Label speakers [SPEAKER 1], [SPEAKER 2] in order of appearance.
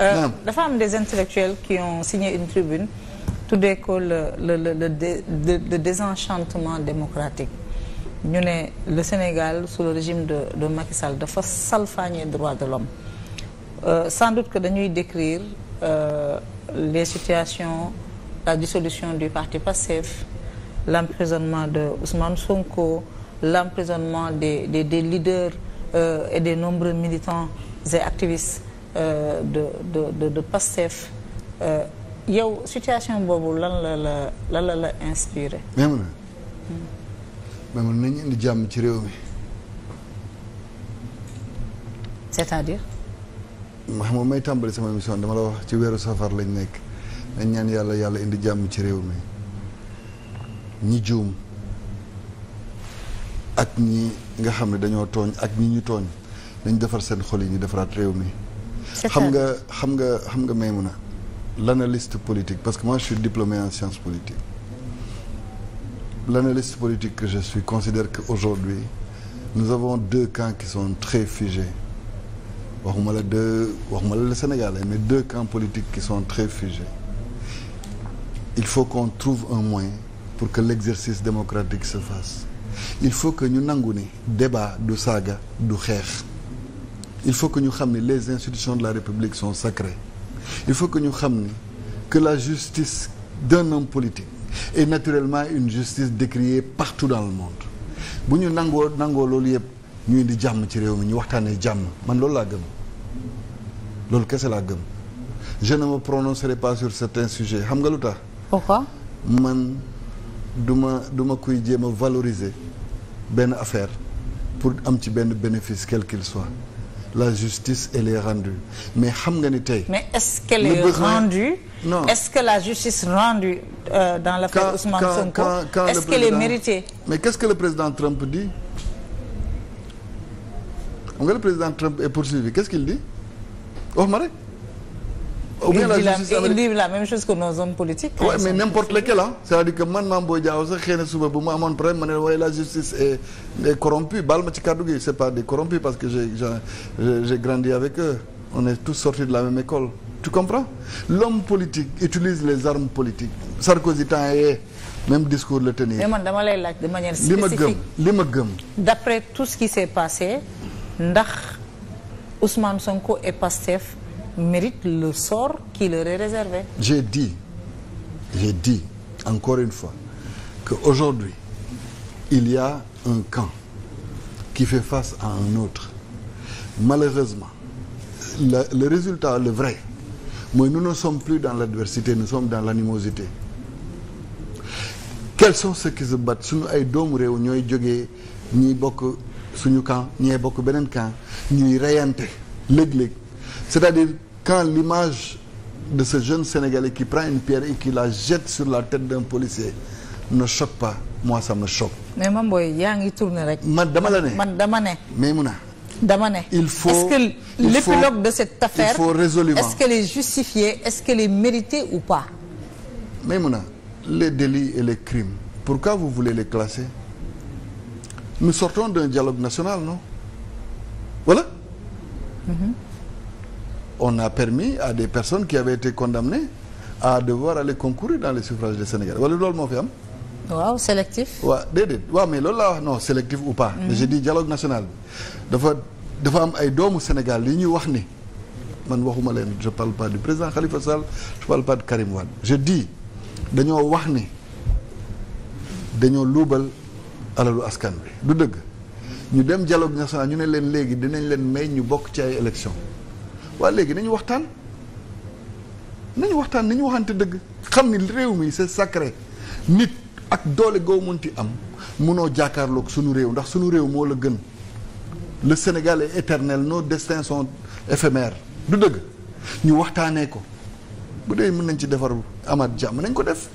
[SPEAKER 1] Euh, dafa am des intellectuels qui ont signé une tribune tuddee ko le le le le le désenchantement démocratique ñu ne le Sénégal sous le régime de de Macky Sall dafa salfaañe droit de l'homme euh, sans doute que dañuy décrire euh, les situations la dissolution du parti PASTEF l'emprisonnement de Ousmane Sonko l'emprisonnement des des des leaders euh, et des nombreux militants et activistes Euh, de de de de Pastef euh, yow situation boobu lan la la lan la la inspiré.
[SPEAKER 2] mais man mais man nañu indi jàmm ci réew mi. c'est-à-dire. ma xam may tàmbali sama émission dama la wax ci weeru safar lañ nekk nañ ñaan yàlla yàlla indi jàmm ci réew mi ñi juum ak ñi nga xam ne dañoo tooñ ak ñi ñu tooñ nañ defar seen xol yi ñu defaraat réew mi. xam nga xam nga xam nga Maïmouna l'analyste politique parce que moi je suis diplômé en sciences politiques l'analyste politique que je suis considère qu'aujourd'hui nous avons deux camps qui sont très figés waxuma la deux waxuma la le Sénégalais mais deux camps politiques qui sont très figés il faut qu'on trouve un moyen pour que l'exercice démocratique se fasse il faut que ñu nangu ni débat du saaga du xeex il faut que ñu xam ni les institutions de la République sont sacrées il faut que ñu xam ni que la justice d'un homme politique est naturellement une justice décriée partout dans le monde bu ñu nangoo nangoo loolu yëpp ñu indi jàmm ci réew mi ñu waxtaanee jàmm man loolu laa gëm loolu kese laa gëm je ne me prononcerai pas sur certains sujets xam nga lu tax. man du ma du ma kuy jéem a valoriser benn affaire pour am ci benn bénéfice quel qu'il soit. la justice elle est rendue mais xam nga ni tey. mais
[SPEAKER 1] est-ce qu'elle est rendue. non est-ce que la justice rendue. Euh, dans
[SPEAKER 2] l'affaire Ousmane Sonko est-ce qu'elle est méritée. mais qu'est-ce que le président Trump dit xam nga le président Trump est poursuivi qu'est-ce qu'il dit wax ma rek. au moins la justice avec il dit
[SPEAKER 1] la même chose que nos hommes politiques. oui mais n'importe lequel ah.
[SPEAKER 2] c'est-à-dire que man Mame Boye Diao sax xëy na suba bu mu amoon problème ma la justice est est corrompue ma ci kàddu gi c'est pas des corrompus parce que j'ai grandi avec eux on est tous sortis de la même école tu comprends l'homme politique utilise les armes politiques Sarkozy temps yee même discours la tenir. man
[SPEAKER 1] dama lay laaj de manière spécifique li ma gëm li ma gëm. d'après tout ce qui s'est passé ndax Ousmane Sonko et Pastef. mérite le sort qui leur est réservé.
[SPEAKER 2] J'ai dit, j'ai dit encore une fois, qu'aujourd'hui, il y a un camp qui fait face à un autre. Malheureusement, le, résultat, le vrai, mooy nous ne sommes plus dans l'adversité nous sommes dans l'animosité quels sont ceux qui se battent suñu ay doomu réew ñooy jógee ñiy bokk suñu camp ñee bokk beneen camp ñuy reyante léeg-léeg c'est-à-dire quand l'image de ce jeune Sénégalais qui prend une pierre et qui la jette sur la tête d'un policier ne choque pas moi ça me choque.
[SPEAKER 1] mais man yaa ngi tourner rek. man dama la ne man dama ne. Maïmouna. dama il faut est-ce que l'épilogue de cette affaire il faut est-ce qu'elle est justifiée est-ce qu'elle est méritée ou pas.
[SPEAKER 2] Maïmouna les délits et les crimes pourquoi vous voulez les classer nous sortons d'un dialogue national non voilà. Mm-hmm. on a permis à des personnes qui avaient été condamnées à devoir aller concourir dans les suffrages des Sénégalais wala loolu moo fi am.
[SPEAKER 1] waaw sélectif.
[SPEAKER 2] waa déedéet waa mais lool laa wax non sélectif ou pas. Mm-hmm. mais je dialogue national dafa dafa am ay doomu Sénégal yi ñu wax ni man waxuma leen je parle pas du président Khalifa Sall je parle pas Karim Wade je dis dañoo wax ni dañoo luubal alalu askan bi du dëgg ñu dem dialogue national ñu ne leen léegi dinañ leen may ñu bokk ci ay élections. waa léegi nañu waxtaan nañu waxtaan nañu waxante dëgg xam ni réew mi c'est sacré nit ak doole goo mënti am mënoo jàkkaarloog suñu réew ndax suñu réew moo la gën le Sénégal est éternel nos destins sont éphémères du dëgg ñu waxtaanee ko bu dee mën nañ ci defar amaat jàmm nañ ko def.